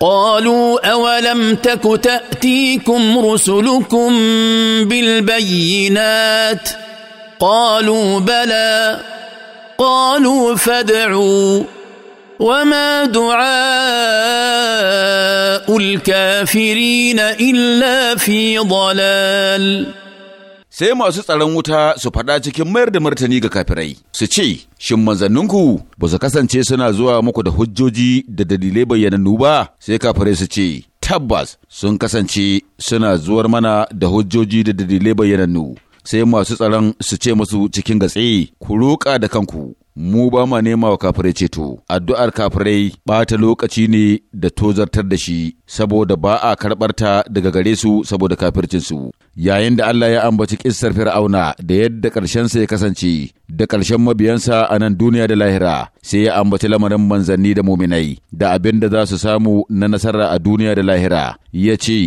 قالوا اولم تك تاتيكم رسلكم بالبينات قالوا بلى قالوا فادعوا وما دعاء الكافرين الا في ضلال sai masu tsaron wuta su faɗa cikin mayar da martani ga kafirai su ce shin manzanninku ba su kasance suna zuwa muku da hujjoji da dalilai bayyanannu ba sai kafirai su ce tabbas sun kasance suna zuwar mana da hujjoji da dalilai bayyanannu sai masu tsaron su ce musu cikin gatse ku roƙa da kanku mu ba ma nema wa kafirai ceto addu'ar kafirai bata lokaci ne da tozartar da shi saboda ba a karɓarta daga gare su saboda kafircinsu yayin da Allah ya ambaci kissar fir'auna da yadda ƙarshensa ya kasance da ƙarshen mabiyansa a nan duniya da lahira sai ya ambaci lamarin manzanni da muminai da abin da za su samu na nasara a duniya da lahira ya ce